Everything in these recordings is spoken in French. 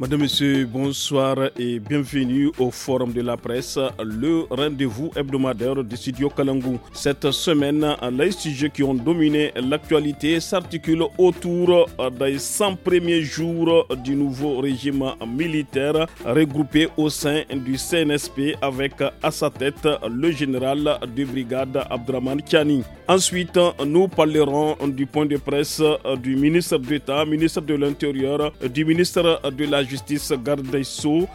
Madame, Monsieur, bonsoir et bienvenue au Forum de la presse, le rendez-vous hebdomadaire du studio Kalangou. Cette semaine, les sujets qui ont dominé l'actualité s'articulent autour des 100 premiers jours du nouveau régime militaire regroupé au sein du CNSP avec à sa tête le général de brigade Abdraman Kiani. Ensuite, nous parlerons du point de presse du ministre d'État, ministre de l'Intérieur, du ministre de la justice garde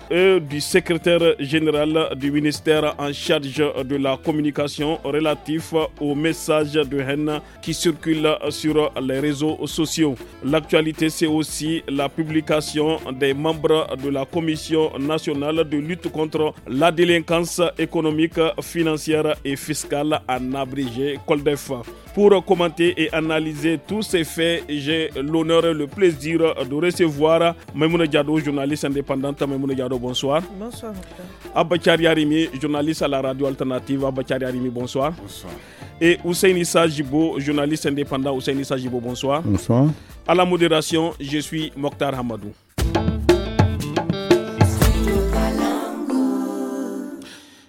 et du secrétaire général du ministère en charge de la communication relatif aux messages de haine qui circulent sur les réseaux sociaux. L'actualité, c'est aussi la publication des membres de la Commission nationale de lutte contre la délinquance économique, financière et fiscale en abrégé Coldef. Pour commenter et analyser tous ces faits, j'ai l'honneur et le plaisir de recevoir Maimouna Diadoj journaliste indépendant Tamé bonsoir. bonsoir. Bonsoir. Abba Arimi, journaliste à la radio alternative. Abba Arimi, bonsoir. Bonsoir. Et Hussein Issa Jibo, journaliste indépendant. Hussein Issa Jibo, bonsoir. Bonsoir. À la modération, je suis Mokhtar Hamadou.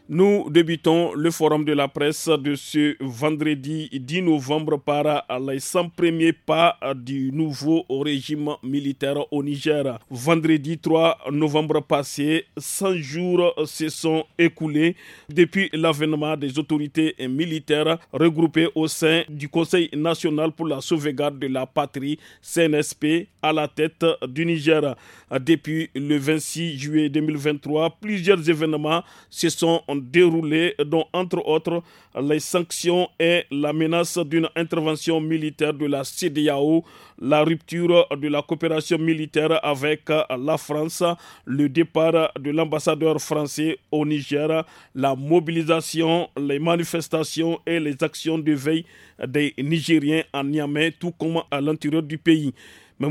Nous débutons le forum de la presse de ce vendredi 10 novembre par les 100 premiers pas du nouveau régime militaire au Niger. Vendredi 3 novembre passé, 100 jours se sont écoulés depuis l'avènement des autorités militaires regroupées au sein du Conseil national pour la sauvegarde de la patrie, CNSP, à la tête du Niger. Depuis le 26 juillet 2023, plusieurs événements se sont déroulées dont entre autres les sanctions et la menace d'une intervention militaire de la CDAO, la rupture de la coopération militaire avec la France, le départ de l'ambassadeur français au Niger, la mobilisation, les manifestations et les actions de veille des Nigériens à Niamey, tout comme à l'intérieur du pays. Mais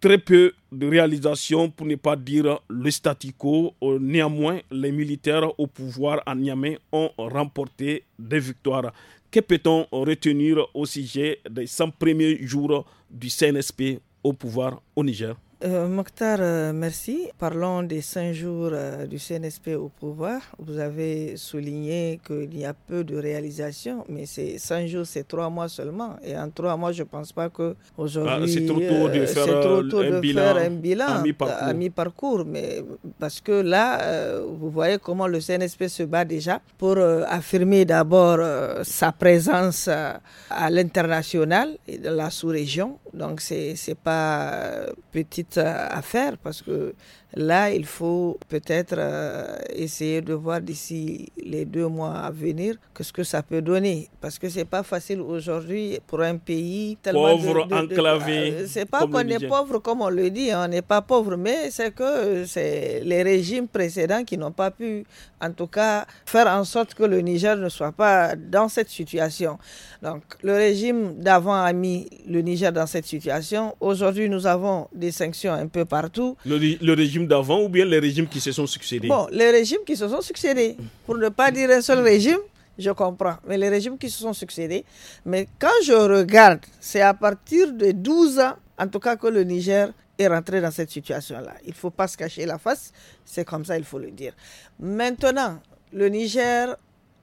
très peu de réalisations, pour ne pas dire le statu euh, Néanmoins, les militaires au pouvoir à Niamey ont remporté des victoires. Que peut-on retenir au sujet des 100 premiers jours du CNSP au pouvoir au Niger euh, Mokhtar, euh, merci. Parlons des cinq jours euh, du CNSP au pouvoir. Vous avez souligné qu'il y a peu de réalisations, mais ces cinq jours, c'est trois mois seulement. Et en trois mois, je ne pense pas que ah, aujourd'hui, c'est trop tôt de, faire, un, bilan, à mi-parcours. mais parce que là, vous voyez comment le CNSP se bat déjà pour affirmer d'abord sa présence à l'international et dans la sous-région. Donc, c'est c'est pas petit euh, à, faire parce que Là, il faut peut-être euh, essayer de voir d'ici les deux mois à venir ce que ça peut donner. Parce que c'est pas facile aujourd'hui pour un pays tellement pauvre, enclavé. Euh, c'est pas qu'on est pauvre comme on le dit, hein, on n'est pas pauvre, mais c'est que c'est les régimes précédents qui n'ont pas pu, en tout cas, faire en sorte que le Niger ne soit pas dans cette situation. Donc, le régime d'avant a mis le Niger dans cette situation. Aujourd'hui, nous avons des sanctions un peu partout. le régime d'avant ou bien les régimes qui se sont succédés Bon, les régimes qui se sont succédés. Pour ne pas dire un seul régime, je comprends. Mais les régimes qui se sont succédés. Mais quand je regarde, c'est à partir de 12 ans, en tout cas, que le Niger est rentré dans cette situation-là. Il ne faut pas se cacher la face. C'est comme ça, il faut le dire. Maintenant, le Niger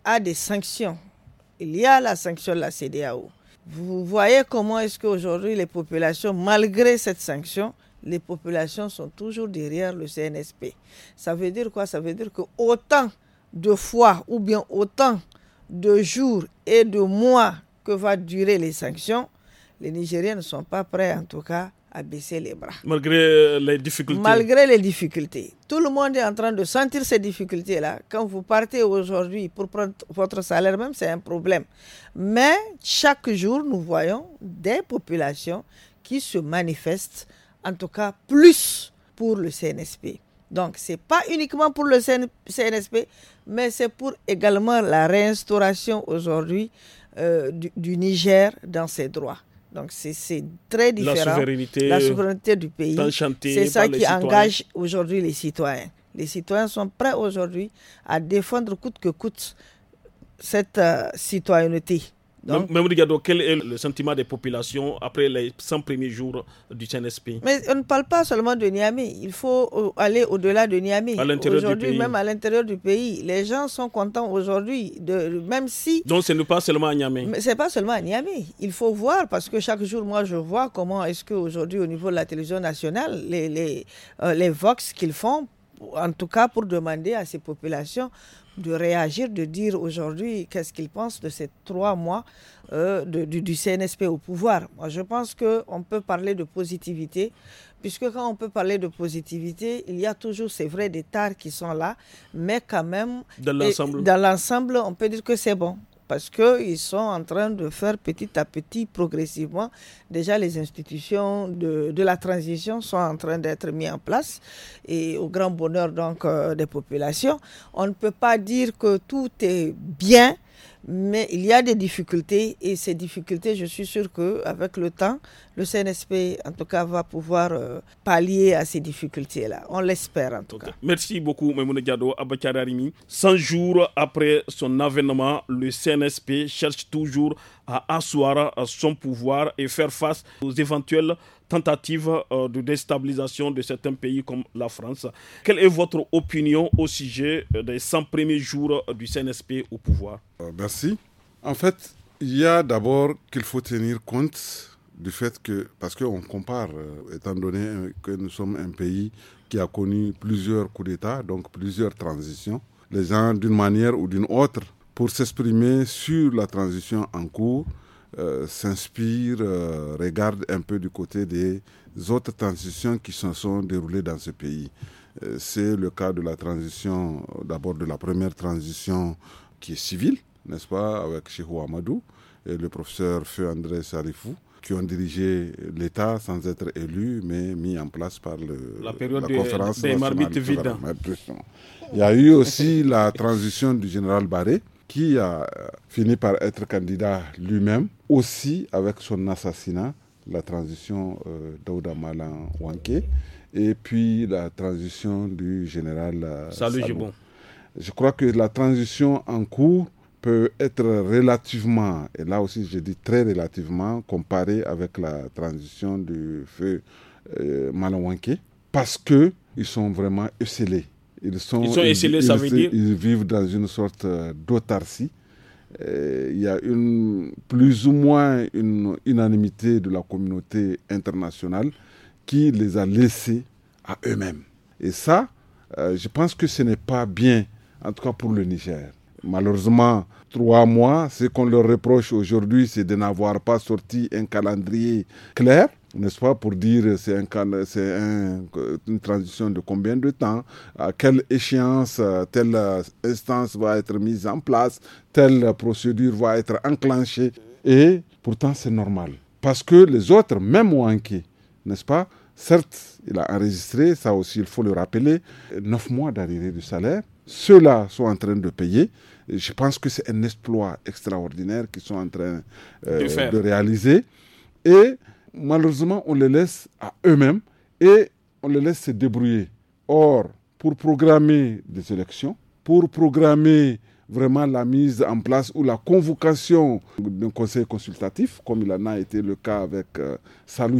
a des sanctions. Il y a la sanction de la CDAO. Vous voyez comment est-ce qu'aujourd'hui les populations, malgré cette sanction, les populations sont toujours derrière le CNSP. Ça veut dire quoi Ça veut dire que autant de fois ou bien autant de jours et de mois que va durer les sanctions, les Nigériens ne sont pas prêts en tout cas à baisser les bras. Malgré euh, les difficultés. Malgré les difficultés. Tout le monde est en train de sentir ces difficultés-là. Quand vous partez aujourd'hui pour prendre votre salaire même, c'est un problème. Mais chaque jour, nous voyons des populations qui se manifestent en tout cas plus pour le CNSP. Donc, ce n'est pas uniquement pour le CNSP, mais c'est pour également la réinstauration aujourd'hui euh, du, Niger dans ses droits. Donc, c'est très différent. La souveraineté, du pays, c'est ça qui engage aujourd'hui les citoyens. Les citoyens sont prêts aujourd'hui à défendre coûte que coûte cette euh, citoyenneté même, Rigado, quel est le sentiment des populations après les 100 premiers jours du TNSP Mais on ne parle pas seulement de Niamey, il faut euh, aller au-delà de Niamey. Aujourd'hui, même à l'intérieur du pays, les gens sont contents aujourd'hui, de, même si... Donc ce n'est pas seulement à Niamey. Mais ce n'est pas seulement à Niamey. Il faut voir, parce que chaque jour, moi, je vois comment est-ce qu'aujourd'hui, au niveau de la télévision nationale, les, les, euh, les vox qu'ils font en tout cas pour demander à ces populations de réagir, de dire aujourd'hui qu'est-ce qu'ils pensent de ces trois mois euh, du, CNSP au pouvoir. Moi, je pense qu'on peut parler de positivité, puisque quand on peut parler de positivité, il y a toujours, ces vrais détails qui sont là, mais quand même, dans l'ensemble, on peut dire que c'est bon parce qu'ils sont en train de faire petit à petit, progressivement. Déjà, les institutions de, la transition sont en train d'être mises en place et au grand bonheur donc euh, des populations. On ne peut pas dire que tout est bien mais il y a des difficultés et ces difficultés, je suis que qu'avec le temps, le CNSP, en tout cas, va pouvoir euh, pallier à ces difficultés-là. On l'espère, en tout cas. Merci beaucoup, Memoune Diado, Abakararimi. 100 jours après son avènement, le CNSP cherche toujours à asseoir son pouvoir et faire face aux éventuelles tentative euh, de déstabilisation de certains pays comme la France. Quelle est votre opinion au sujet euh, des 100 premiers jours euh, du CNSP au pouvoir Merci. En fait, il y a d'abord qu'il faut tenir compte du fait que, parce qu'on compare, étant donné que nous sommes un pays qui a connu plusieurs coups d'État, donc plusieurs transitions, les gens, d'une manière ou d'une autre, pour s'exprimer sur la transition en cours, euh, s'inspire, euh, regarde un peu du côté des autres transitions qui se sont déroulées dans ce pays. Euh, c'est le cas de la transition, d'abord de la première transition qui est civile, n'est-ce pas, avec Chihou Amadou et le professeur Feu André Sarifou qui ont dirigé l'État sans être élus, mais mis en place par la, période de, conférence des Il y a eu aussi la transition du général Barré, qui a euh, fini par être candidat lui-même, aussi avec son assassinat, la transition euh, d'Aouda Malan Wanké et puis la transition du général euh, Salou Salut Je crois que la transition en cours peut être relativement, et là aussi je dis très relativement, comparée avec la transition du feu euh, Malan Wanké parce qu'ils sont vraiment escellés ils sont, ils ils, vivent dans une sorte euh, d'autarcie. Euh, il y a plus ou moins une unanimité de la communauté internationale qui les a laissés à eux-mêmes. Et ça, euh, je pense que ce n'est pas bien, en tout cas pour le Niger. Malheureusement, trois mois, ce qu'on leur reproche aujourd'hui, c'est de n'avoir pas sorti un calendrier clair n'est-ce pas, pour dire c'est un, c'est une transition de combien de temps, à quelle échéance euh, telle euh, instance va être mise en place, telle procédure va être enclenchée. Et pourtant, c'est normal. Parce que les autres, même Wanké n'est-ce pas, certes, il a enregistré, ça aussi, il faut le rappeler, 9 mois d'arrivée du salaire. Ceux-là sont en train de payer. Je pense que c'est un exploit extraordinaire qu'ils sont en train euh, de réaliser. Et malheureusement, on les laisse à eux-mêmes et on les laisse se débrouiller. Or, pour programmer des élections, pour programmer vraiment la mise en place ou la convocation d'un conseil consultatif, comme il en a été le cas avec euh, Salou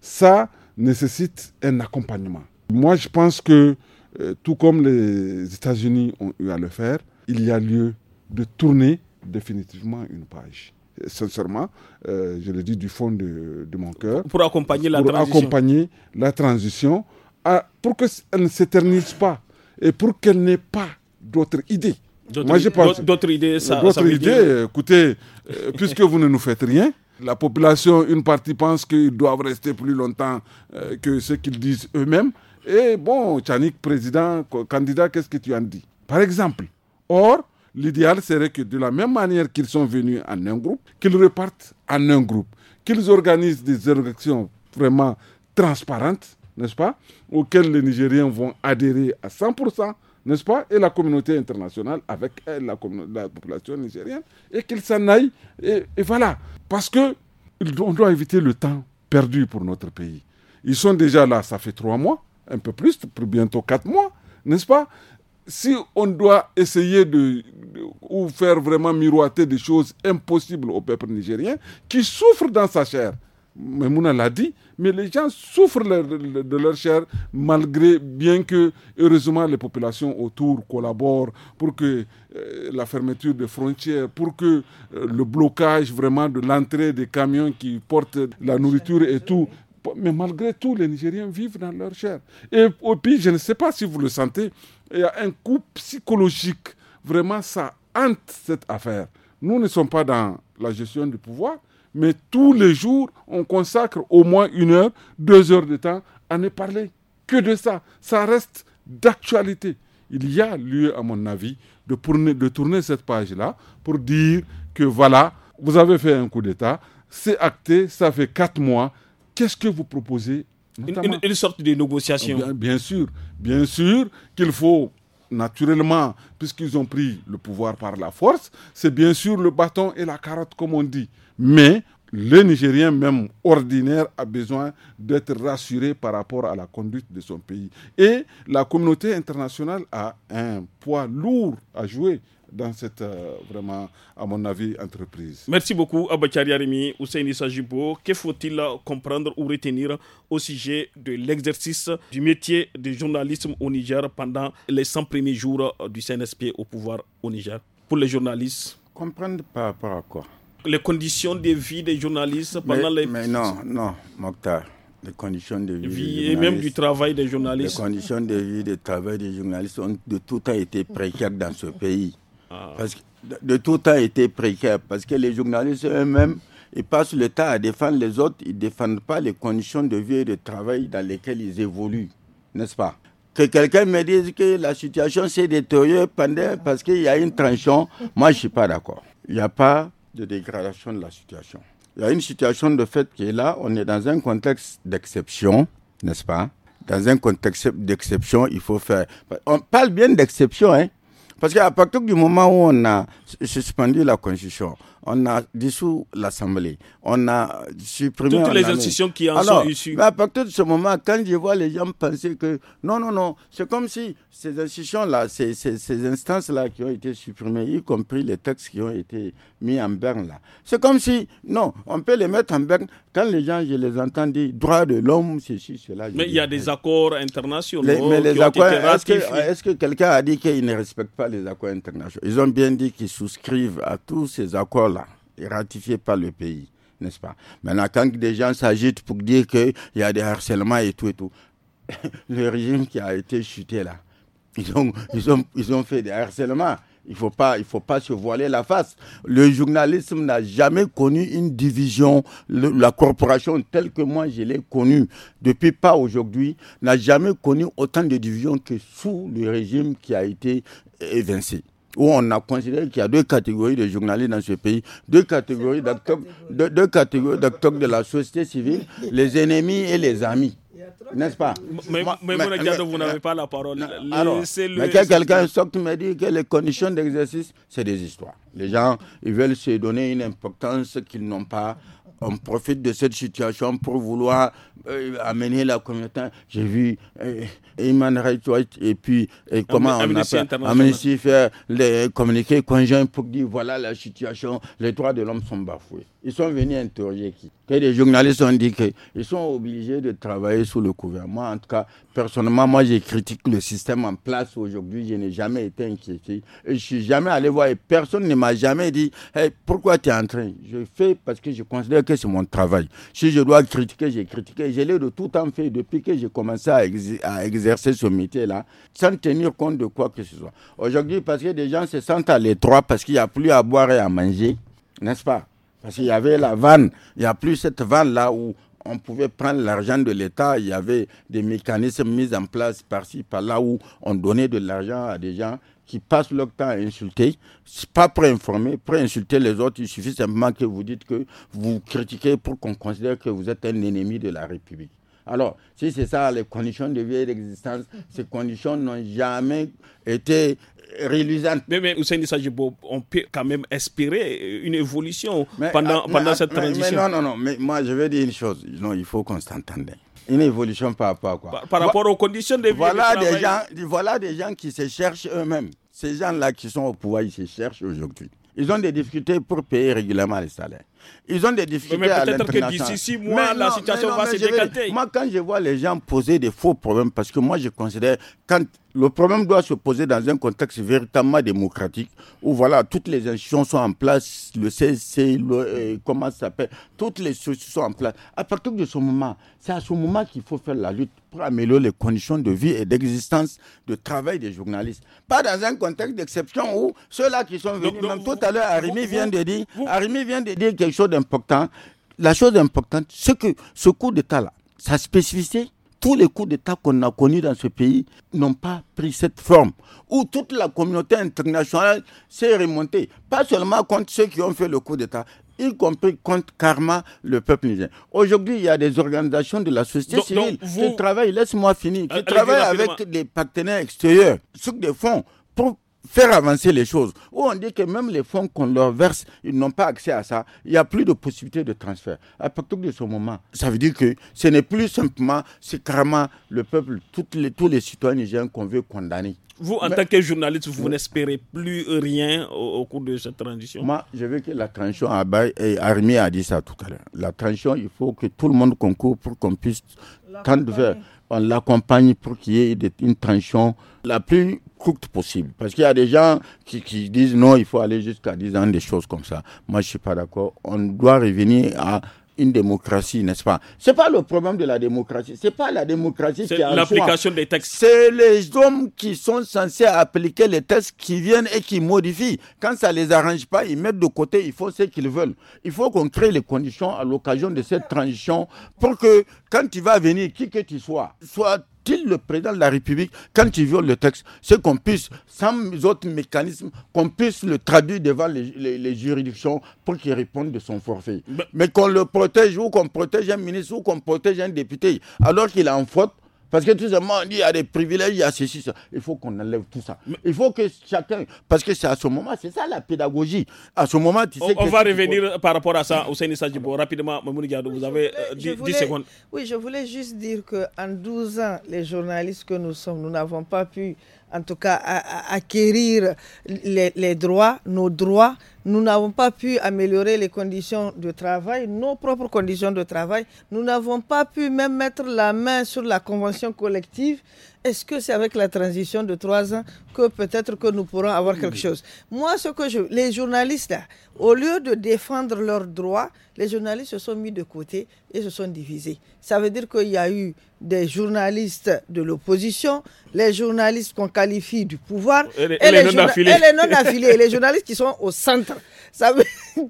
ça nécessite un accompagnement. Moi, je pense que, euh, tout comme les États-Unis ont eu à le faire, il y a lieu de tourner définitivement une page sincèrement, euh, je le dis du fond de, mon cœur. Pour accompagner la pour transition. accompagner la transition, à, pour qu'elle ne s'éternise pas et pour qu'elle n'ait pas d'autres idées. Moi, D'autres idées, ça. D'autres idées, euh, écoutez, euh, puisque vous ne nous faites rien, la population, une partie pense qu'ils doivent rester plus longtemps que ce qu'ils disent eux-mêmes. Et bon, Tchanik, président, candidat, qu'est-ce que tu en dis Par exemple. Or, L'idéal serait que de la même manière qu'ils sont venus en un groupe, qu'ils repartent en un groupe, qu'ils organisent des élections vraiment transparentes, n'est-ce pas, auxquelles les Nigériens vont adhérer à 100%, n'est-ce pas, et la communauté internationale avec elle, la, population nigérienne, et qu'ils s'en aillent. Et, voilà, parce que doit éviter le temps perdu pour notre pays. Ils sont déjà là, ça fait trois mois, un peu plus, bientôt quatre mois, n'est-ce pas si on doit essayer de, ou faire vraiment miroiter des choses impossibles au peuple nigérien qui souffre dans sa chair. Mouna l'a dit, mais les gens souffrent de leur chair malgré, bien que, heureusement, les populations autour collaborent pour que euh, la fermeture des frontières, pour que euh, le blocage vraiment de l'entrée des camions qui portent la nourriture et tout, mais malgré tout, les Nigériens vivent dans leur chair. Et, au pire, je ne sais pas si vous le sentez, il y a un coup psychologique. Vraiment, ça hante cette affaire. Nous ne sommes pas dans la gestion du pouvoir, mais tous les jours, on consacre au moins une heure, deux heures de temps à ne parler que de ça. Ça reste d'actualité. Il y a lieu, à mon avis, de, de tourner cette page-là pour dire que voilà, vous avez fait un coup d'État, c'est acté, ça fait quatre mois, qu'est-ce que vous proposez une, sorte de négociation. Bien, bien sûr, bien sûr qu'il faut naturellement, puisqu'ils ont pris le pouvoir par la force, c'est bien sûr le bâton et la carotte, comme on dit. Mais le Nigérien, même ordinaire, a besoin d'être rassuré par rapport à la conduite de son pays. Et la communauté internationale a un poids lourd à jouer dans cette, euh, vraiment, à mon avis, entreprise. Merci beaucoup, Abachari Arimi, Ousseini Sajibo. Que faut-il comprendre ou retenir au sujet de l'exercice du métier de journalisme au Niger pendant les 100 premiers jours euh, du CNSP au pouvoir au Niger Pour les journalistes Comprendre par rapport à quoi Les conditions de vie des journalistes pendant les. Mais non, non, Mokhtar les conditions de vie, et même du travail des journalistes. Les conditions de vie, du travail des journalistes, ont, de tout a été précaires dans ce pays. Ah. Parce que de tout temps été précaire, parce que les journalistes eux-mêmes, ils passent le temps à défendre les autres, ils ne défendent pas les conditions de vie et de travail dans lesquelles ils évoluent, n'est-ce pas que quelqu'un me dise que la situation s'est détériorée pendant, parce qu'il y a une tension, moi je ne suis pas d'accord. Il n'y a pas de dégradation de la situation. Il y a une situation de fait qui est là, on est dans un contexte d'exception, n'est-ce pas Dans un contexte d'exception, il faut faire... On parle bien d'exception, hein parce qu'à partir du moment où on a suspendu la Constitution, on a dissous l'Assemblée, on a supprimé. Toutes les institutions qui en sont issues. À partir de ce moment, quand je vois les gens penser que non, non, non, c'est comme si ces institutions-là, ces, ces, instances-là qui ont été supprimées, y compris les textes qui ont été mis en berne là, c'est comme si, non, on peut les mettre en berne quand les gens, je les entends dire droit de l'homme, ceci, cela. Mais il y a des accords internationaux. mais les est-ce que, quelqu'un a dit qu'ils ne respectent pas les accords internationaux Ils ont bien dit qu'ils souscrivent à tous ces accords ratifié par le pays, n'est-ce pas Maintenant, quand des gens s'agitent pour dire qu'il y a des harcèlements et tout et tout, le régime qui a été chuté là, ils ont, ils ils fait des harcèlements. Il ne faut, pas, faut pas se voiler la face. Le journalisme n'a jamais connu une division. la corporation telle que moi je l'ai connue depuis pas aujourd'hui n'a jamais connu autant de divisions que sous le régime qui a été évincé où on a considéré qu'il y a deux catégories de journalistes dans ce pays, deux catégories d'acteurs, deux, deux catégories d'acteurs de la société civile, les ennemis et les amis. N'est-ce pas Mais, vous n'avez pas la parole. Alors, mais quelqu'un sorte me dit que les conditions d'exercice, c'est des histoires. Les gens, ils veulent se donner une importance qu'ils n'ont pas on profite de cette situation pour vouloir euh, amener la communauté. J'ai vu euh, Iman et puis euh, comment on appelle Amnesty faire les communiqués conjoints pour dire voilà la situation, les droits de l'homme sont bafoués. Ils sont venus interroger qui Que les journalistes ont dit qu'ils sont obligés de travailler sous le gouvernement. En tout cas, personnellement, moi, je critique le système en place aujourd'hui. Je n'ai jamais été inquiété. je ne suis jamais allé voir et personne ne m'a jamais dit pourquoi tu es en train Je fais parce que je considère que c'est mon travail. Si je dois critiquer, j'ai critiqué. Je l'ai de tout temps fait depuis que j'ai commencé à, à exercer ce métier-là, sans tenir compte de quoi que ce soit. Aujourd'hui, parce que des gens se sentent à l'étroit parce qu'il n'y a plus à boire et à manger, n'est-ce pas parce qu'il y avait la vanne. Il n'y a plus cette vanne-là où on pouvait prendre l'argent de l'État. Il y avait des mécanismes mis en place par-ci, par-là, où on donnait de l'argent à des gens qui passent leur temps à insulter, pas pour informer pour insulter les autres. Il suffit simplement que vous dites que vous critiquez pour qu'on considère que vous êtes un ennemi de la République. Alors, si c'est ça, les conditions de vie et d'existence, ces conditions n'ont jamais été réalisantes. Mais, mais Sajibo, on peut quand même espérer une évolution pendant, ah, ah, cette transition. non, non, non, mais moi je vais dire une chose. il faut qu'on s'entende une évolution par rapport à quoi Par, rapport aux conditions de vie. Voilà, de des, gens, voilà des gens qui se cherchent eux-mêmes. Ces gens-là qui sont au pouvoir, ils se cherchent aujourd'hui. Ils ont des difficultés pour payer régulièrement les salaires ils ont des difficultés mais à l'international. Peut-être que d'ici six mois, mais la situation va se décanter. Moi, quand je vois les gens poser des faux problèmes, parce que moi, je considère, quand le problème doit se poser dans un contexte véritablement démocratique où voilà toutes les institutions sont en place, le CC, euh, comment ça s'appelle, toutes les institutions sont en place. À partir de ce moment, c'est à ce moment qu'il faut faire la lutte pour améliorer les conditions de vie et d'existence, de travail des journalistes. Pas dans un contexte d'exception où ceux-là qui sont venus, même tout à l'heure, Arimi vient de dire, vient de dire quelque chose d'important. La chose importante, c'est que ce coup d'état-là, sa spécificité, tous les coups d'État qu'on a connus dans ce pays n'ont pas pris cette forme, où toute la communauté internationale s'est remontée, pas seulement contre ceux qui ont fait le coup d'État, y compris contre karma le peuple nigérien. Aujourd'hui, il y a des organisations de la société civile qui travaillent, laisse-moi finir, qui travaillent avec des partenaires extérieurs sur des fonds faire avancer les choses. Ou on dit que même les fonds qu'on leur verse, ils n'ont pas accès à ça. Il n'y a plus de possibilité de transfert. À partir de ce moment, ça veut dire que ce n'est plus simplement, c'est carrément le peuple, toutes les, tous les citoyens nigériens qu'on veut condamner. Vous, en tant que journaliste, vous, n'espérez plus rien au, cours de cette transition Moi, je veux que la transition à et Armée a dit ça tout à l'heure. La transition, il faut que tout le monde concourt pour qu'on puisse tendre vers on l'accompagne pour qu'il y ait une tension la plus courte possible. Parce qu'il y a des gens qui, disent non, il faut aller jusqu'à 10 ans, des choses comme ça. Moi, je ne suis pas d'accord. On doit revenir à une démocratie, n'est-ce pas C'est pas le problème de la démocratie. C'est pas la démocratie qui a l'application des textes. C'est les hommes qui sont censés appliquer les textes qui viennent et qui modifient. Quand ça les arrange pas, ils mettent de côté. Ils font ce qu'ils veulent. Il faut qu'on crée les conditions à l'occasion de cette transition pour que quand tu vas venir, qui que tu sois, soit le président de la République, quand il viole le texte, c'est qu'on puisse, sans autre mécanisme, qu'on puisse le traduire devant les, juridictions pour qu'il réponde de son forfait. Mais qu'on le protège ou qu'on protège un ministre ou qu'on protège un député, alors qu'il a en faute, parce que tout simplement, il y a des privilèges, il y a ceci, ça. Il faut qu'on enlève tout ça. Il faut que chacun. Parce que c'est à ce moment, c'est ça la pédagogie. À ce moment, tu sais. On, on va revenir par rapport à ça, Hussein Sajibo. Rapidement, Mamouni Gado, vous avez 10, euh, secondes. Oui, je voulais juste dire qu'en 12 ans, les journalistes que nous sommes, nous n'avons pas pu, en tout cas, acquérir les droits, nos droits nous n'avons pas pu améliorer les conditions de travail, nos propres conditions de travail. Nous n'avons pas pu même mettre la main sur la convention collective. Est-ce que c'est avec la transition de trois ans que peut-être que nous pourrons avoir quelque chose Moi, ce que je... Les journalistes, au lieu de défendre leurs droits, les journalistes se sont mis de côté et se sont divisés. Ça veut dire qu'il y a eu des journalistes de l'opposition, les journalistes qu'on qualifie du pouvoir et les, non affiliés. Et les non affiliés, les journalistes qui sont au centre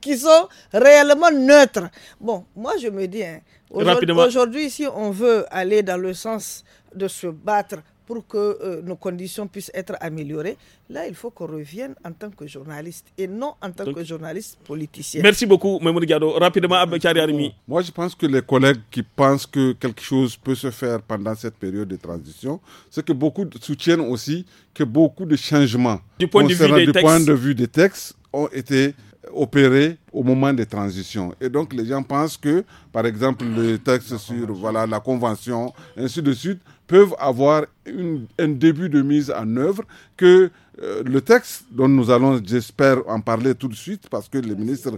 qui sont réellement neutres. Bon, moi je me dis, hein, aujourd'hui, si on veut aller dans le sens de se battre pour que euh, nos conditions puissent être améliorées, là, il faut qu'on revienne en tant que journaliste et non en tant que journaliste politicien. Merci beaucoup, Mme Gado. Rapidement, Arimi. Moi, je pense que les collègues qui pensent que quelque chose peut se faire pendant cette période de transition, c'est que beaucoup soutiennent aussi que beaucoup de changements du du point de vue des textes ont été opérés au moment des transitions. Et donc les gens pensent que, par exemple, le texte sur voilà, la convention, ainsi de suite, peuvent avoir un début de mise en œuvre que euh, le texte dont nous allons, j'espère, en parler tout de suite parce que les ministres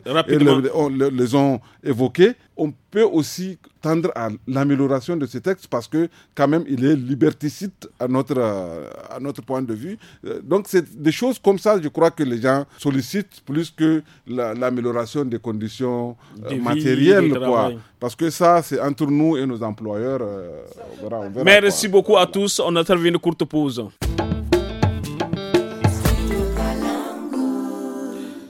oh, les ont évoqués, on peut aussi tendre à l'amélioration de ce texte parce que quand même il est liberticide à notre, à notre point de vue. Euh, donc c'est des choses comme ça, je crois que les gens sollicitent plus que l'amélioration des conditions euh, matérielles. quoi. Parce que ça, c'est entre nous et nos employeurs. Merci beaucoup à tous. On intervient une courte pause.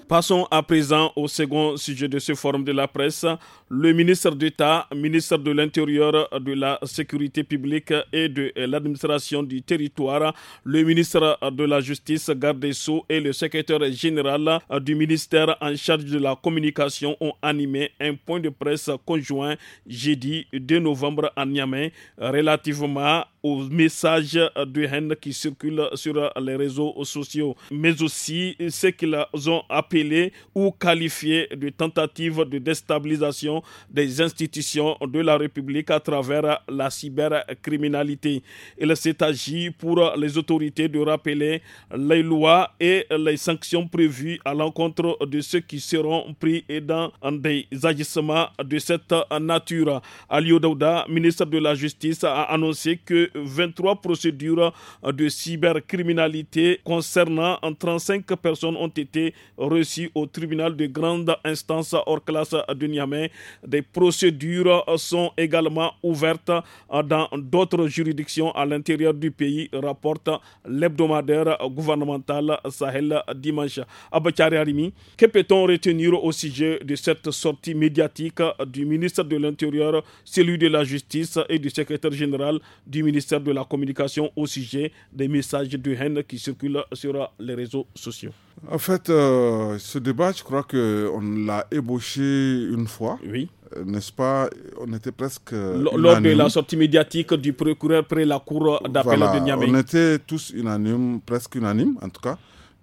Passons à présent au second sujet de ce forum de la presse, le ministre d'État, ministre de l'Intérieur, de la Sécurité publique et de l'administration du territoire, le ministre de la Justice, garde des et le secrétaire général du ministère en charge de la communication ont animé un point de presse conjoint jeudi 2 novembre à Niamey relativement aux messages de haine qui circulent sur les réseaux sociaux, mais aussi ce qu'ils ont appelé ou qualifié de tentative de déstabilisation des institutions de la République à travers la cybercriminalité. Il s'est agi pour les autorités de rappeler les lois et les sanctions prévues à l'encontre de ceux qui seront pris dans des agissements de cette nature. Ali Daouda, ministre de la Justice, a annoncé que 23 procédures de cybercriminalité concernant 35 personnes ont été reçues au tribunal de grande instance hors classe de Niamey. Des procédures sont également ouvertes euh, dans d'autres juridictions à l'intérieur du pays, rapporte l'hebdomadaire gouvernemental Sahel dimanche. Abachari Arimi, que peut-on retenir au sujet de cette sortie médiatique du ministre de l'Intérieur, celui de la Justice et du secrétaire général du ministère de la Communication au sujet des messages de haine qui circulent sur les réseaux sociaux? En fait, euh, ce débat, je crois qu'on l'a ébauché une fois. Oui. Euh, n'est-ce pas On était presque. Euh, lors de la sortie médiatique du procureur près la cour d'appel de Niamey. On était tous unanimes, presque unanimes en tout cas,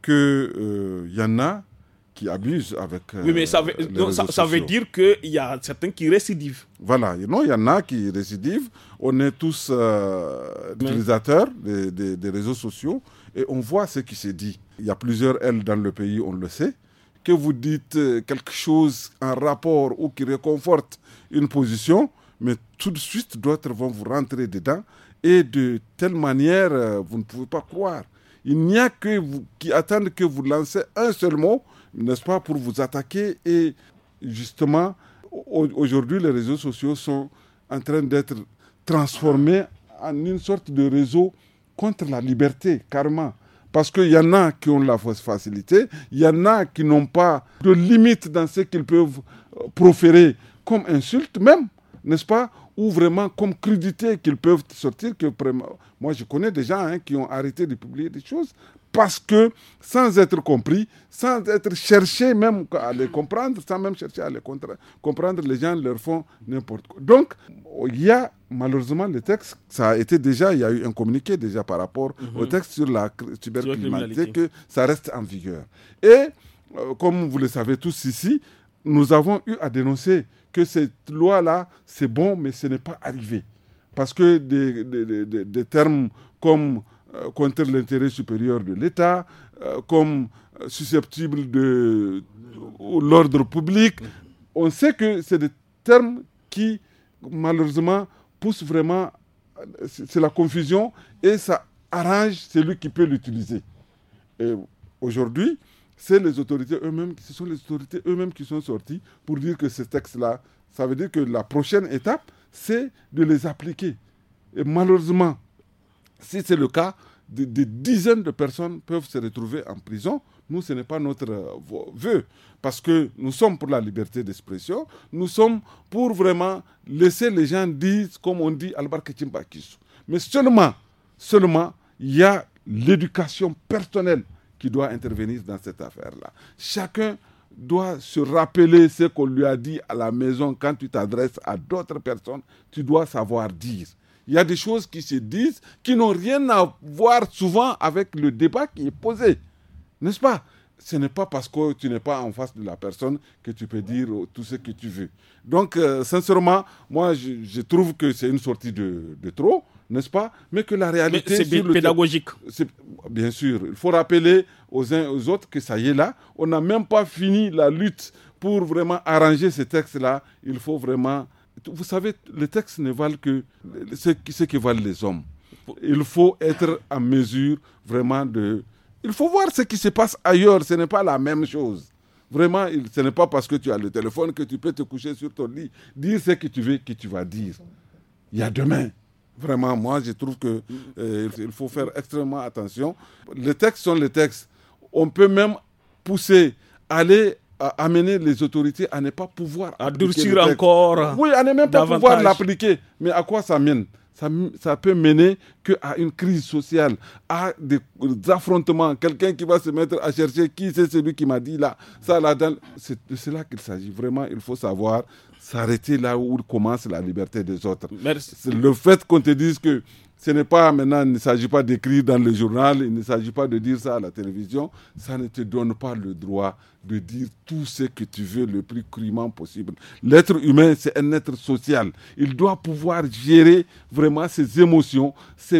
qu'il y en a qui abusent avec. oui, mais ça veut, ça, veut dire qu'il y a certains qui récidivent. Voilà, non, il y en a qui récidivent. On est tous utilisateurs des réseaux sociaux. Et on voit ce qui s'est dit. Il y a plusieurs L dans le pays, on le sait. Que vous dites euh, quelque chose en rapport ou qui réconforte une position, mais tout de suite, d'autres vont vous rentrer dedans. Et de telle manière, euh, vous ne pouvez pas croire. Il n'y a que vous qui attendent que vous lancez un seul mot, n'est-ce pas, pour vous attaquer. Et justement, aujourd'hui, les réseaux sociaux sont en train d'être transformés en une sorte de réseau contre la liberté, carrément. Parce qu'il y en a qui ont la fausse facilité, il y en a qui n'ont pas de limite dans ce qu'ils peuvent euh, proférer comme insulte même, n'est-ce pas Ou vraiment comme crudité qu'ils peuvent sortir. Que, moi, je connais des gens hein, qui ont arrêté de publier des choses parce que sans être compris, sans être cherché même à les comprendre, sans même chercher à les comprendre, les gens leur font n'importe quoi. Donc, il y a malheureusement le texte, ça a été déjà, il y a eu un communiqué déjà par rapport au mhm. texte sur la cybercriminalité, que ça reste en vigueur. Et, euh, comme vous le savez tous ici, nous avons eu à dénoncer que cette loi-là, c'est bon, mais ce n'est pas arrivé. Parce que des termes comme euh, contre l'intérêt supérieur de l'État, euh, comme euh, susceptible de l'ordre public. On sait que c'est des termes qui, malheureusement, poussent vraiment, c'est la confusion et ça arrange celui qui peut l'utiliser. Et aujourd'hui, c'est les autorités eux-mêmes, ce sont les autorités eux-mêmes qui sont sorties pour dire que ces textes-là, ça veut dire que la prochaine étape, c'est de les appliquer. Et malheureusement, si c'est le cas, des, dizaines de personnes peuvent se retrouver en prison. Nous, ce n'est pas notre euh, vœu, parce que nous sommes pour la liberté d'expression, nous sommes pour vraiment laisser les gens dire, comme on dit, Albar bakis. Mais seulement, seulement, il y a l'éducation personnelle qui doit intervenir dans cette affaire-là. Chacun doit se rappeler ce qu'on lui a dit à la maison quand tu t'adresses à d'autres personnes, tu dois savoir dire il y a des choses qui se disent qui n'ont rien à voir souvent avec le débat qui est posé. N'est-ce pas Ce n'est pas parce que tu n'es pas en face de la personne que tu peux dire euh, tout ce que tu veux. Donc, euh, sincèrement, moi, je, trouve que c'est une sortie de, de trop, n'est-ce pas Mais que la réalité... C'est pédagogique. Bien sûr, il faut rappeler aux uns et aux autres que ça y est là, on n'a même pas fini la lutte pour vraiment arranger ces textes-là. Il faut vraiment vous savez, les textes ne valent que ce, ce que valent les hommes. Il faut être en mesure vraiment de... Il faut voir ce qui se passe ailleurs, ce n'est pas la même chose. Vraiment, ce n'est pas parce que tu as le téléphone que tu peux te coucher sur ton lit, dire ce que tu veux, que tu vas dire. Il y a demain. Vraiment, moi, je trouve qu'il euh, il faut faire extrêmement attention. Les textes sont les textes. On peut même pousser, aller amener les autorités à ne pas pouvoir à durcir encore. Oui, à ne même pas pouvoir l'appliquer. Mais à quoi ça mène ça, ça, peut mener qu'à une crise sociale, à des, affrontements. Quelqu'un qui va se mettre à chercher qui c'est celui qui m'a dit là, ça là, c'est de cela qu'il s'agit. Vraiment, il faut savoir s'arrêter là où commence la liberté des autres. Merci. Le fait qu'on te dise que ce n'est pas maintenant, il ne s'agit pas d'écrire dans le journal, il ne s'agit pas de dire ça à la télévision, ça ne te donne pas le droit de dire tout ce que tu veux le plus crûment possible. L'être humain, c'est un être social. Il doit pouvoir gérer vraiment ses émotions, sa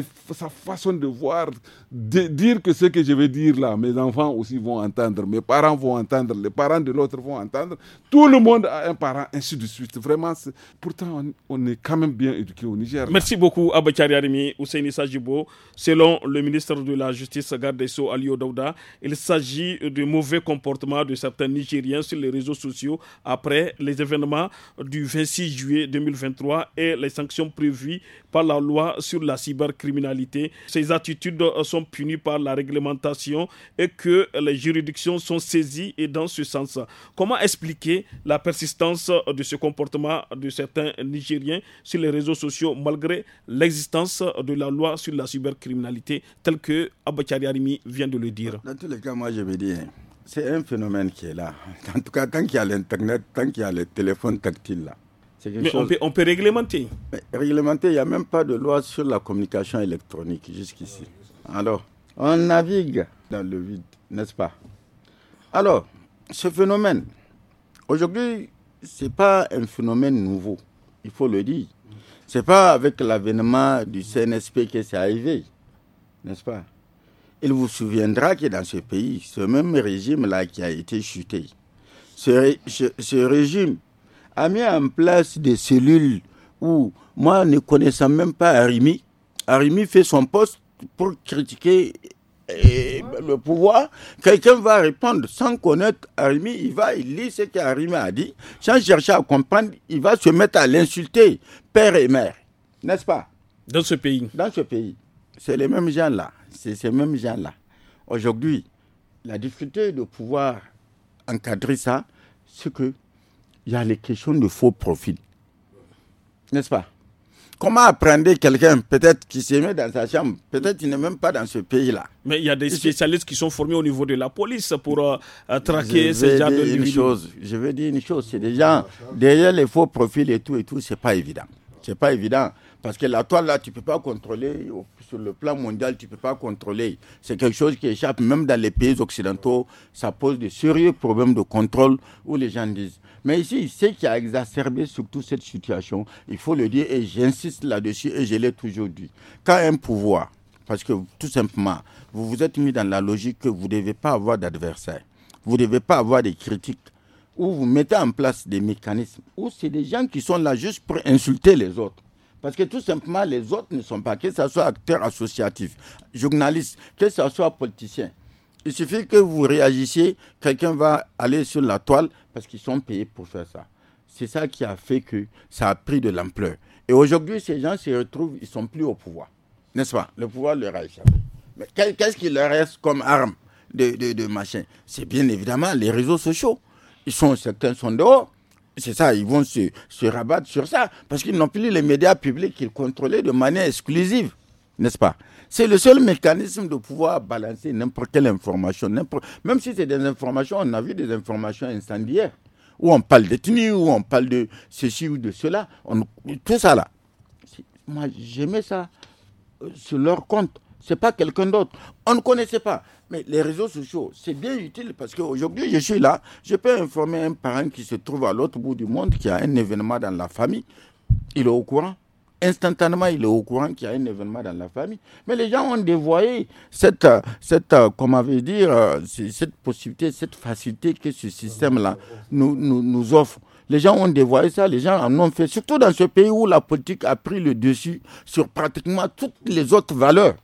façon de voir, de dire que ce que je vais dire là, mes enfants aussi vont entendre, mes parents vont entendre, les parents de l'autre vont entendre. Tout le monde a un parent, ainsi de suite. Vraiment, pourtant, on, est quand même bien éduqué au Niger. Merci beaucoup, Abakari Arimi, Ousseini Sajibo. Selon le ministre de la Justice, Gardesso Ali Odauda, il s'agit de mauvais comportement de certains Nigériens sur les réseaux sociaux après les événements du 26 juillet 2023 et les sanctions prévues par la loi sur la cybercriminalité. Ces attitudes sont punies par la réglementation et que les juridictions sont saisies et dans ce sens. Comment expliquer la persistance de ce comportement de certains Nigériens sur les réseaux sociaux malgré l'existence de la loi sur la cybercriminalité telle que Abachari Arimi vient de le dire Dans tous les cas, moi je vais dire, c'est un phénomène qui est là. En tout cas, tant qu'il y a l'Internet, tant qu'il y a les téléphones tactiles là. Mais on, peut, on, peut, réglementer. Mais réglementer, il n'y a même pas de loi sur la communication électronique jusqu'ici. Alors, on navigue dans le vide, n'est-ce pas Alors, ce phénomène, aujourd'hui, ce n'est pas un phénomène nouveau, il faut le dire. Ce n'est pas avec l'avènement du CNSP que c'est arrivé, n'est-ce pas il vous souviendra que dans ce pays, ce même régime-là qui a été chuté, ce, régime a mis en place des cellules où, moi, ne connaissant même pas Arimi, Arimi fait son poste pour critiquer eh, le pouvoir, quelqu'un va répondre sans connaître Arimi, il va, lire ce qu'Arimi a dit, sans chercher à comprendre, il va se mettre à l'insulter, père et mère, n'est-ce pas Dans ce pays. Dans ce pays. C'est les mêmes gens-là c'est ces mêmes gens-là. Aujourd'hui, la difficulté de pouvoir encadrer ça, c'est qu'il y a les questions de faux profils. N'est-ce pas Comment apprendre quelqu'un, peut-être qui s'est mis dans sa chambre, peut-être il n'est même pas dans ce pays-là. Mais il y a des spécialistes qui sont formés au niveau de la police pour euh, euh, traquer ces gens de une chose, Je veux dire une chose, c'est des gens, derrière les faux profils et tout, et tout, c'est pas évident. C'est pas évident. Parce que la toile, là, tu ne peux pas contrôler. Sur le plan mondial, tu ne peux pas contrôler. C'est quelque chose qui échappe. Même dans les pays occidentaux, ça pose de sérieux problèmes de contrôle où les gens disent. Mais ici, ce qui a exacerbé surtout cette situation, il faut le dire, et j'insiste là-dessus, et je l'ai toujours dit. Quand un pouvoir, parce que tout simplement, vous vous êtes mis dans la logique que vous ne devez pas avoir d'adversaire, vous ne devez pas avoir des critiques, où vous mettez en place des mécanismes, où c'est des gens qui sont là juste pour insulter les autres. Parce que tout simplement, les autres ne sont pas, que ce soit acteurs associatifs, journalistes, que ce soit politicien. Il suffit que vous réagissiez, quelqu'un va aller sur la toile parce qu'ils sont payés pour faire ça. C'est ça qui a fait que ça a pris de l'ampleur. Et aujourd'hui, ces gens se retrouvent, ils sont plus au pouvoir. N'est-ce pas Le pouvoir leur a échappé. Mais qu'est-ce qui leur reste comme arme de, machin C'est bien évidemment les réseaux sociaux. Ils sont, certains sont dehors, c'est ça, ils vont se, rabattre sur ça, parce qu'ils n'ont plus les médias publics qu'ils contrôlaient de manière exclusive, n'est-ce pas c'est le seul mécanisme de pouvoir balancer n'importe quelle information, même si c'est des informations, on a vu des informations incendiaires, où on parle de où on parle de ceci ou de cela, on, tout ça là. Moi, j'aimais ça euh, sur leur compte c'est pas quelqu'un d'autre. On ne connaissait pas. Mais les réseaux sociaux, c'est bien utile parce qu'aujourd'hui, je suis là, je peux informer un parent qui se trouve à l'autre bout du monde, qui a un événement dans la famille, il est au courant. Instantanément, il est au courant qu'il y a un événement dans la famille. Mais les gens ont dévoyé cette, cette euh, comment dire, euh, cette possibilité, cette facilité que ce système-là nous, nous, nous offre. Les gens ont dévoyé ça, les gens en ont fait, surtout dans ce pays où la politique a pris le dessus sur pratiquement toutes les autres valeurs.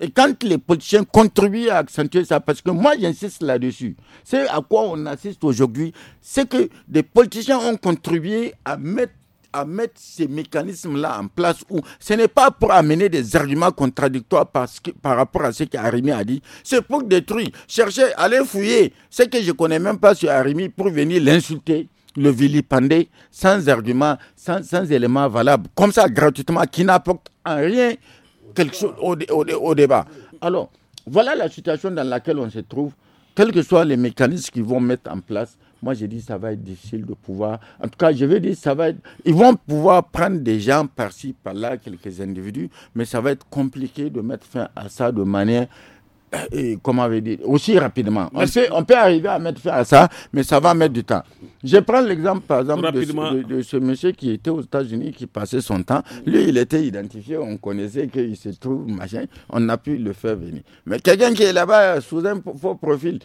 Et quand les politiciens contribuent à accentuer ça, parce que moi j'insiste là-dessus, c'est à quoi on assiste aujourd'hui, c'est que des politiciens ont contribué à mettre à mettre ces mécanismes-là en place où ce n'est pas pour amener des arguments contradictoires par rapport à ce qu'Arimi a dit, c'est pour détruire, chercher, aller fouiller ce que je ne connais même pas sur Arimi pour venir l'insulter, le vilipender sans arguments sans, sans valables, valable, comme ça gratuitement, qui n'apporte rien quelque chose au, au, débat. Alors, voilà la situation dans laquelle on se trouve. Quels que soient les mécanismes qu'ils vont mettre en place, moi, j'ai dit, ça va être difficile de pouvoir. En tout cas, je vais dire, ça va être. Ils vont pouvoir prendre des gens par-ci, par-là, quelques individus, mais ça va être compliqué de mettre fin à ça de manière euh, comment dire, aussi rapidement. On, peut arriver à mettre fin à ça, mais ça va mettre du temps. Je prends l'exemple, par exemple, de, ce monsieur qui était aux États-Unis, qui passait son temps. Lui, il était identifié, on connaissait qu'il se trouve, machin, on a pu le faire venir. Mais quelqu'un qui est là-bas sous un faux profil,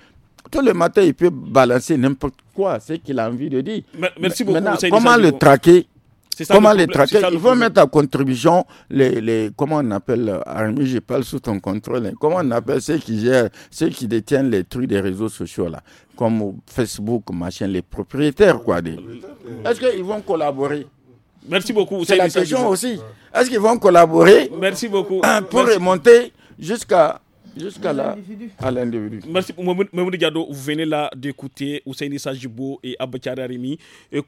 tout le matin, il peut balancer n'importe quoi, ce qu'il a envie de dire. Merci beaucoup. Maintenant, comment le traquer Comment les traquer Ils vont mettre à contribution les, comment on appelle armée, je parle sous ton contrôle. Hein. Comment on appelle ceux qui gèrent, ceux qui détiennent les trucs des réseaux sociaux là, comme Facebook, machin, les propriétaires quoi. Des... Est-ce qu'ils vont collaborer Merci beaucoup. C'est la question aussi. Est-ce qu'ils vont collaborer Merci beaucoup. Pour remonter jusqu'à jusqu'à l'individu. Merci Mohamed Diado, vous venez là d'écouter Ousseini Sajibo et Abakar Arimi.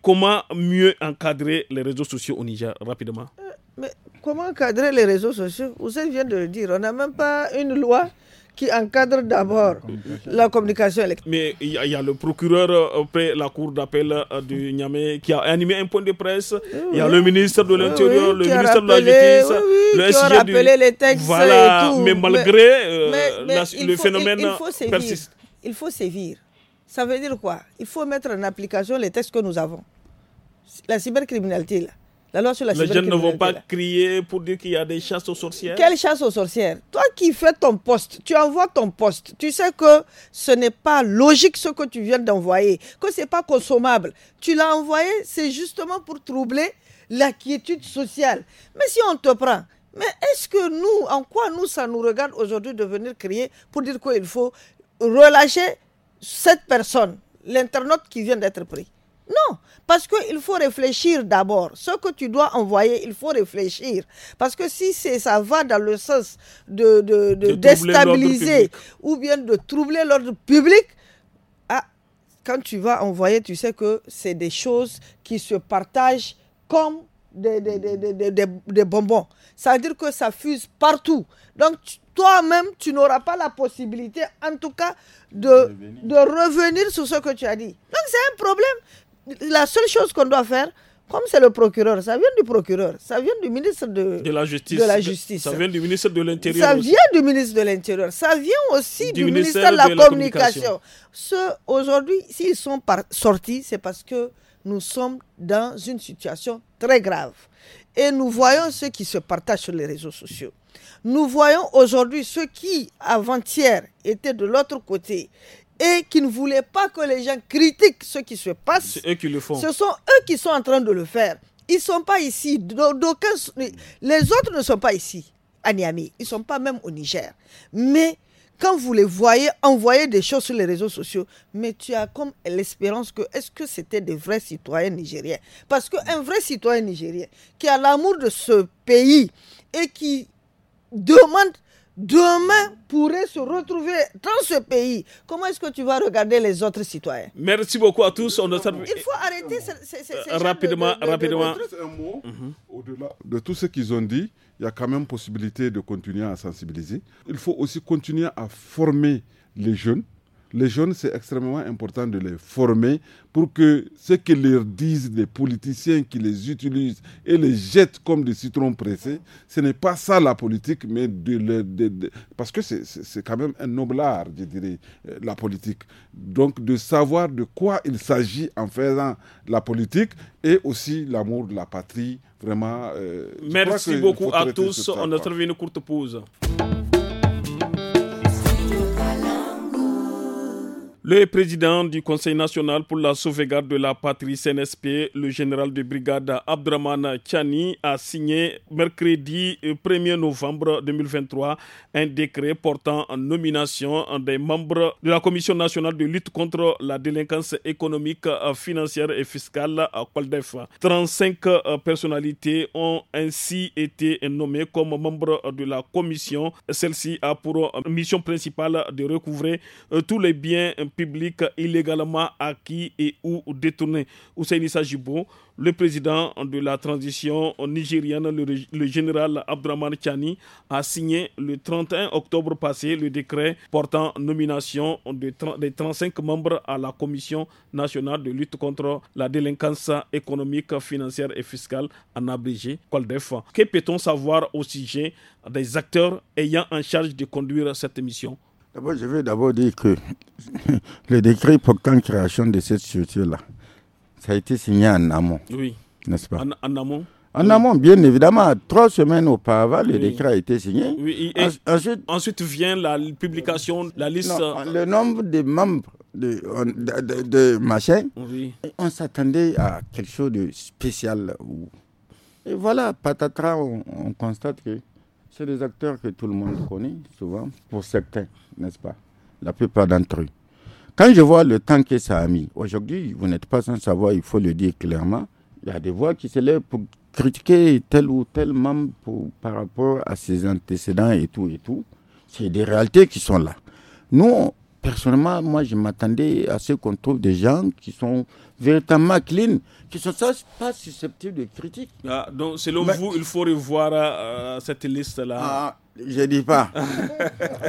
comment mieux encadrer les réseaux sociaux au Niger rapidement euh, mais comment encadrer les réseaux sociaux Ousseini vient de le dire, on n'a même pas une loi qui encadre d'abord la communication électrique. Mais il y, a le procureur de euh, la cour d'appel euh, du Niamey qui a animé un point de presse. Il y a le ministre de l'Intérieur, le ministre de la Justice, le qui a rappelé les textes Mais malgré euh, le phénomène il, faut persiste. Il faut sévir. Ça veut dire quoi Il faut mettre en application les textes que nous avons. La cybercriminalité, là. Les jeunes ne vont pas crier pour dire qu'il y a des chasses aux sorcières. Quelle chasse aux sorcières Toi qui fais ton poste, tu envoies ton poste. Tu sais que ce n'est pas logique ce que tu viens d'envoyer, que ce n'est pas consommable. Tu l'as envoyé, c'est justement pour troubler la quiétude sociale. Mais si on te prend, mais est-ce que nous, en quoi nous, ça nous regarde aujourd'hui de venir crier pour dire qu'il faut relâcher cette personne, l'internaute qui vient d'être pris non, parce qu'il faut réfléchir d'abord. Ce que tu dois envoyer, il faut réfléchir. Parce que si ça va dans le sens de, déstabiliser ou bien de troubler l'ordre public, ah, quand tu vas envoyer, tu sais que c'est des choses qui se partagent comme des, des, des, des bonbons. Ça veut dire que ça fuse partout. Donc, toi-même, tu n'auras pas la possibilité, en tout cas, de, de revenir sur ce que tu as dit. Donc, c'est un problème la seule chose qu'on doit faire, comme c'est le procureur, ça vient du procureur, ça vient du ministre de, la, justice, ça vient du ministre de l'Intérieur, ça vient du ministre de l'Intérieur, ça vient aussi du, ministère, de la, Communication. Aujourd'hui, s'ils sont sortis, c'est parce que nous sommes dans une situation très grave. Et nous voyons ceux qui se partagent sur les réseaux sociaux. Nous voyons aujourd'hui ceux qui, avant-hier, étaient de l'autre côté et qui ne voulait pas que les gens critiquent ce qui se passe. C'est eux qui le font. Ce sont eux qui sont en train de le faire. Ils ne sont pas ici. Les autres ne sont pas ici, à Niamey. Ils ne sont pas même au Niger. Mais quand vous les voyez envoyer des choses sur les réseaux sociaux, mais tu as comme l'espérance que est-ce que c'était des vrais citoyens nigériens Parce qu'un vrai citoyen nigérien qui a l'amour de ce pays et qui demande demain pourrait se retrouver dans ce pays, comment est-ce que tu vas regarder les autres citoyens Merci beaucoup à tous. On Il faut arrêter rapidement, rapidement. un mot. Mhm. Au-delà de tout ce qu'ils ont dit, il y a quand même possibilité de continuer à sensibiliser. Il faut aussi continuer à former les jeunes les jeunes, c'est extrêmement important de les former pour que ce que leur disent les politiciens qui les utilisent et les jettent comme des citrons pressés, ce n'est pas ça la politique, mais de, parce que c'est quand même un noble art, je dirais, euh, la politique. Donc de savoir de quoi il s'agit en faisant la politique et aussi l'amour de la patrie, vraiment. Euh, Merci beaucoup à tous. On a trouvé une courte pause. Le président du Conseil national pour la sauvegarde de la patrie CNSP, le général de brigade Abdraman Tchani, a signé mercredi 1er euh, novembre 2023 un décret portant en nomination des membres de la Commission nationale de lutte contre la délinquance économique, euh, financière et fiscale à euh, Qualdef. 35 personnalités ont ainsi été nommées comme membres de la commission. Celle-ci a pour mission principale de recouvrer tous les biens Public illégalement acquis et ou détourné. Ousseini Sajibo, le président de la transition nigérienne, le, général Abdraman Chani, a signé le 31 octobre passé le décret portant nomination de, des 35 membres à la Commission nationale de lutte contre la délinquance économique, financière et fiscale, en abrégé COLDEF. Que peut-on savoir au sujet des acteurs ayant en charge de conduire cette mission D'abord, je veux d'abord dire que le décret portant création de cette structure-là, ça a été signé en amont. Oui. N'est-ce pas en, amont en amont, bien évidemment, trois semaines auparavant, le décret a été signé. ensuite, vient la publication, euh, la liste. le nombre de membres de, de, machin, on s'attendait à quelque chose de spécial. Et voilà, patatras, on constate que c'est des acteurs que tout le monde connaît, souvent, pour certains, n'est-ce pas La plupart d'entre eux. Quand je vois le temps que ça a mis, aujourd'hui, vous n'êtes pas sans savoir, il faut le dire clairement, il y a des voix qui se lèvent pour critiquer tel ou tel membre pour, par rapport à ses antécédents et tout et tout. C'est des réalités qui sont là. Nous, personnellement, moi, je m'attendais à ce qu'on trouve des gens qui sont véritablement clean, qui ne sont pas susceptibles de critiques. Ah, donc, selon vous, il faut revoir euh, cette liste-là ah, je dis pas.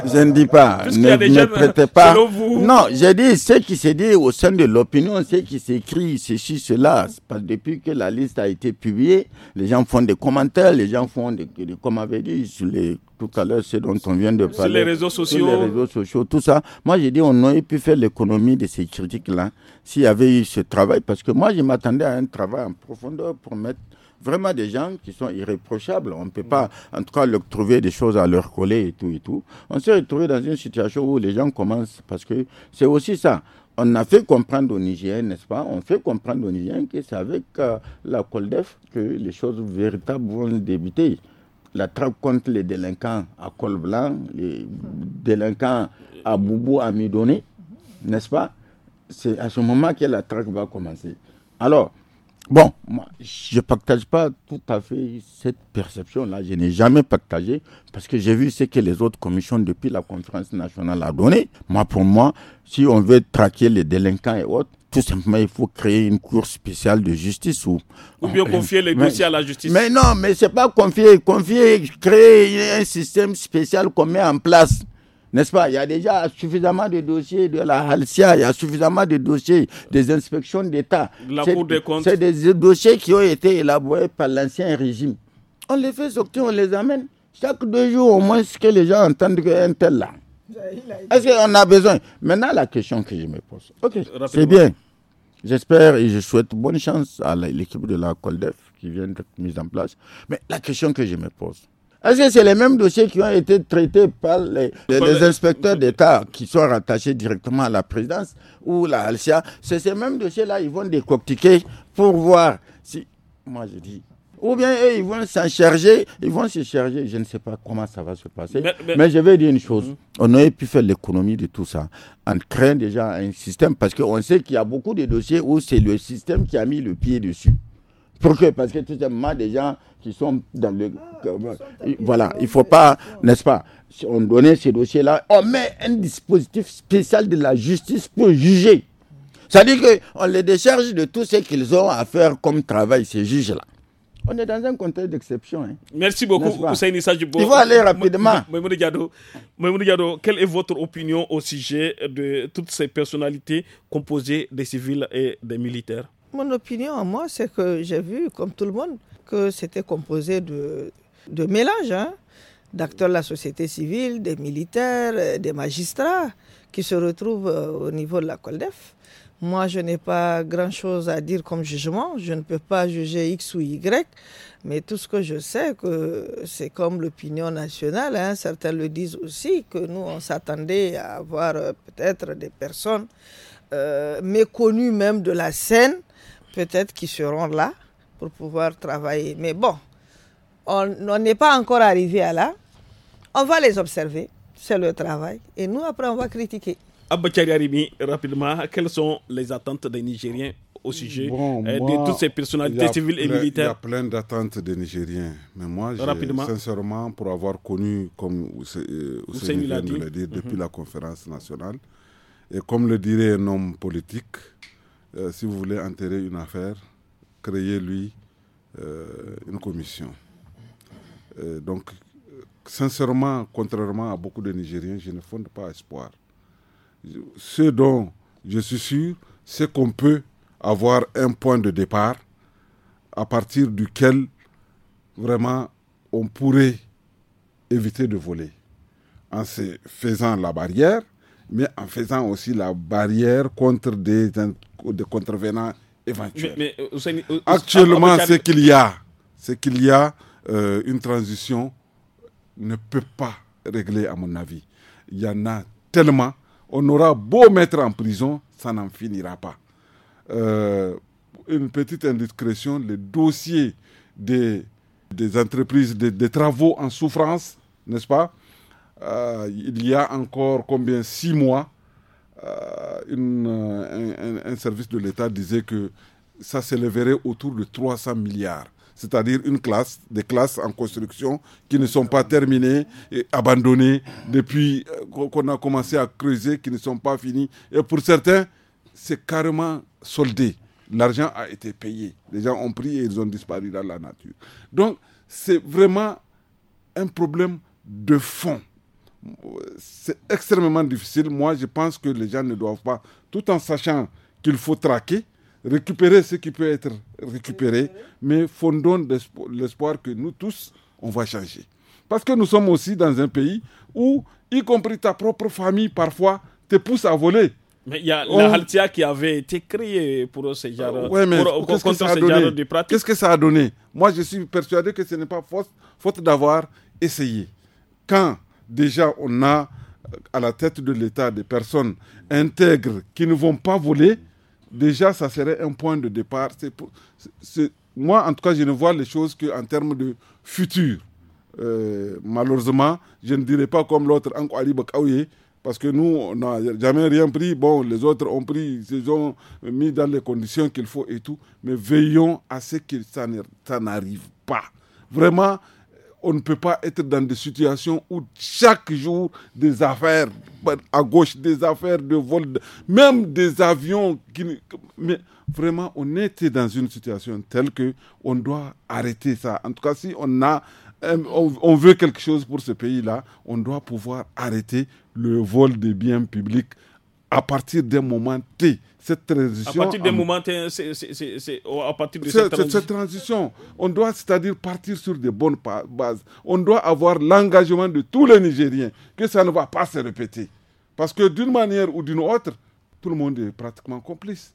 je ne dis pas. Ne, ne prêtez pas. Non, je dis, ce qui s'est dit au sein de l'opinion, ce qui s'écrit, ceci, cela. depuis que la liste a été publiée, les gens font des commentaires, les gens font des, comme avait dit sur les, tout à l'heure, ce dont on vient de parler. Sur les réseaux sociaux. les réseaux sociaux, tout ça. Moi, je dis, on aurait pu faire l'économie de ces critiques-là s'il y avait eu ce travail. Parce que moi, je m'attendais à un travail en profondeur pour mettre vraiment des gens qui sont irréprochables. On ne peut pas, en tout cas, leur trouver des choses à leur coller et tout et tout. On s'est retrouvé dans une situation où les gens commencent, parce que c'est aussi ça. On a fait comprendre aux Nigériens, n'est-ce pas On fait comprendre aux Nigériens que c'est avec euh, la Coldef que les choses véritables vont débuter la traque contre les délinquants à col blanc, les délinquants à boubou à midonné, n'est-ce pas C'est à ce moment que la traque va commencer. Alors, Bon, moi, je ne partage pas tout à fait cette perception-là. Je n'ai jamais partagé parce que j'ai vu ce que les autres commissions depuis la conférence nationale a donné. Moi, pour moi, si on veut traquer les délinquants et autres, tout simplement, il faut créer une cour spéciale de justice. Ou bien euh, confier les dossiers à la justice. Mais non, mais c'est pas confier, confier, créer un système spécial qu'on met en place. N'est-ce pas Il y a déjà suffisamment de dossiers de la Halcia, il y a suffisamment de dossiers des inspections d'État. C'est des dossiers qui ont été élaborés par l'ancien régime. On les fait sortir, on les amène. Chaque deux jours, au moins, ce que les gens entendent un tel là. Est-ce qu'on a besoin Maintenant, la question que je me pose. Ok, c'est bien. J'espère et je souhaite bonne chance à l'équipe de la COLDEF qui vient d'être mise en place. Mais la question que je me pose, est-ce que c'est les mêmes dossiers qui ont été traités par les, inspecteurs d'État qui sont rattachés directement à la présidence ou la l'Alcia C'est ces mêmes dossiers-là, ils vont décortiquer pour voir si. Moi, je dis. Ou bien ils vont s'en charger, ils vont se charger, je ne sais pas comment ça va se passer. Mais, je vais dire une chose, hum. on aurait pu faire l'économie de tout ça en créant déjà un système, parce qu'on sait qu'il y a beaucoup de dossiers où c'est le système qui a mis le pied dessus. Pourquoi Parce que tout simplement, des gens qui sont dans le. Ah, voilà, il ne faut pas, n'est-ce pas On donnait ces dossiers-là, on met un dispositif spécial de la justice pour juger. C'est-à-dire qu'on les décharge de tout ce qu'ils ont à faire comme travail, ces juges-là. On est dans un contexte d'exception. Hein. Merci beaucoup, Hussein Il faut aller rapidement. Mme Diado, quelle est votre opinion au sujet de toutes ces personnalités composées des civils et des militaires mon opinion à moi, c'est que j'ai vu, comme tout le monde, que c'était composé de, mélanges hein. d'acteurs de la société civile, des militaires, euh, des magistrats qui se retrouvent euh, au niveau de la COLDEF. Moi, je n'ai pas grand-chose à dire comme jugement. Je ne peux pas juger X ou Y, mais tout ce que je sais, que c'est comme l'opinion nationale. Hein. Certains le disent aussi, que nous, on s'attendait à avoir euh, peut-être des personnes méconnues même de la scène peut-être qui seront là pour pouvoir travailler. Mais bon, on n'est pas encore arrivé à là. On va les observer, c'est le travail. Et nous, après, on va critiquer. Abba Arimi, rapidement, quelles sont les attentes des Nigériens au sujet euh, de toutes ces personnalités civiles et militaires Il y a plein d'attentes des Nigériens. Mais moi, sincèrement, pour avoir connu, comme vous euh, de depuis mhm. la conférence nationale, et comme le dirait un homme politique, euh, si vous voulez enterrer une affaire, créez-lui euh, une commission. Euh, donc, sincèrement, contrairement à beaucoup de Nigériens, je ne fonde pas espoir. Ce dont je suis sûr, c'est qu'on peut avoir un point de départ à partir duquel vraiment on pourrait éviter de voler en faisant la barrière, mais en faisant aussi la barrière contre des ou de contrevenants éventuels. Euh, euh, Actuellement, ce qu'il y a, c'est qu'il y a euh, une transition ne peut pas régler, à mon avis. Il y en a tellement, on aura beau mettre en prison, ça n'en finira pas. une petite indiscrétion, le dossier des, des entreprises, des, travaux en souffrance, n'est-ce pas Il y a encore combien Six mois euh, euh, un, service de l'État disait que ça s'élèverait autour de 300 milliards c'est-à-dire une classe, des classes en construction qui ne sont pas terminées, et abandonnées depuis euh, qu'on a commencé à creuser, qui ne sont pas finies. Et pour certains, c'est carrément soldé. L'argent a été payé. Les gens ont pris et ils ont disparu dans la nature. Donc, c'est vraiment un problème de fond c'est extrêmement difficile. Moi, je pense que les gens ne doivent pas, tout en sachant qu'il faut traquer, récupérer ce qui peut être récupéré, mais fondons l'espoir que nous tous, on va changer. Parce que nous sommes aussi dans un pays où, y compris ta propre famille, parfois, te pousse à voler. Mais il y a la Haltia qui avait été créée pour ces genres, -ce Qu'est-ce que ça a donné Moi, je suis persuadé que ce n'est pas faute d'avoir essayé. Quand déjà on a euh, à la tête de l'État des personnes intègres qui ne vont pas voler, déjà ça serait un point de départ. moi, en tout cas, je ne vois les choses qu'en termes de futur. Euh, malheureusement, je ne dirais pas comme l'autre parce que nous, on n'a jamais rien pris. Bon, les autres ont pris, ils se sont mis dans les conditions qu'il faut et tout. Mais veillons à ce que ça n'arrive pas. Vraiment, on ne peut pas être dans des situations où chaque jour des affaires ben, à gauche, des affaires de vol, même des avions. mais vraiment, on était dans une situation telle que on doit arrêter ça. En tout cas, si on a, euh, on veut quelque chose pour ce pays-là, on doit pouvoir arrêter le vol des biens publics à partir d'un moment T, cette transition. À partir d'un moment T, c'est oh, à partir de cette, transition. On doit, c'est-à-dire, partir sur des bonnes bases. On doit avoir l'engagement de tous les Nigériens que ça ne va pas se répéter. Parce que d'une manière ou d'une autre, tout le monde est pratiquement complice.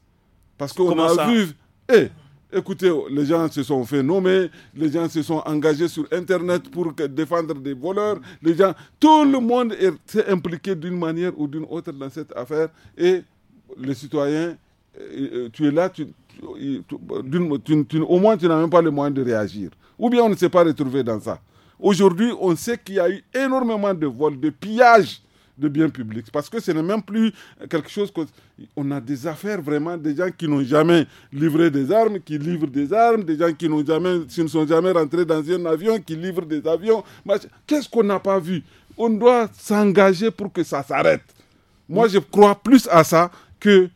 Parce qu'on a vu. Eh, Écoutez, les gens se sont fait nommer, les gens se sont engagés sur Internet pour défendre des voleurs, les gens, tout le monde est impliqué d'une manière ou d'une autre dans cette affaire et les citoyens, euh, euh, tu es là, tu, au moins tu n'as même pas le moyen de réagir. Ou bien on ne s'est pas retrouvé dans ça. Aujourd'hui, on sait qu'il y a eu énormément de vols, de pillages de biens publics. Parce que ce n'est même plus quelque chose que... On a des affaires vraiment des gens qui n'ont jamais livré des armes, qui livrent des armes, des gens qui, n'ont jamais, ne sont jamais rentrés dans un avion, qui livrent des avions. Qu'est-ce qu'on n'a pas vu On doit s'engager pour que ça s'arrête. Moi, je crois plus à ça que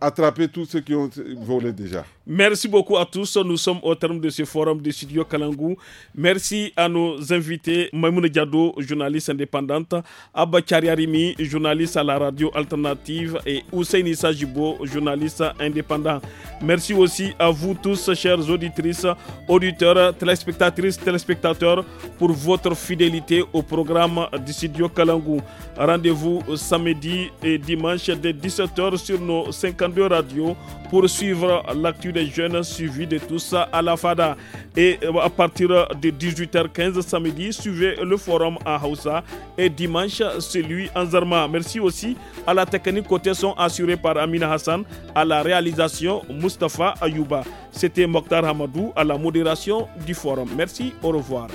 attraper tous ceux qui ont volé déjà. Merci beaucoup à tous. Nous sommes au terme de ce forum de Studio Kalangu Merci à nos invités, Maimouna Diado, journaliste indépendante, Abba Kariarimi, journaliste à la radio alternative et Hussein Issa Jibo, journaliste indépendant. Merci aussi à vous tous, chers auditrices, auditeurs, téléspectatrices, téléspectateurs, pour votre fidélité au programme de Studio Kalangu Rendez-vous samedi et dimanche dès 17h sur nos 52 radios pour suivre l'actualité des jeunes suivis de tous à la FADA. Et euh, à partir de 18h15 samedi, suivez le forum à Hausa et dimanche celui en Zarma. Merci aussi à la technique côté son assurée par Amina Hassan, à la réalisation Mustafa Ayuba. C'était Mokhtar Hamadou à la modération du forum. Merci, au revoir.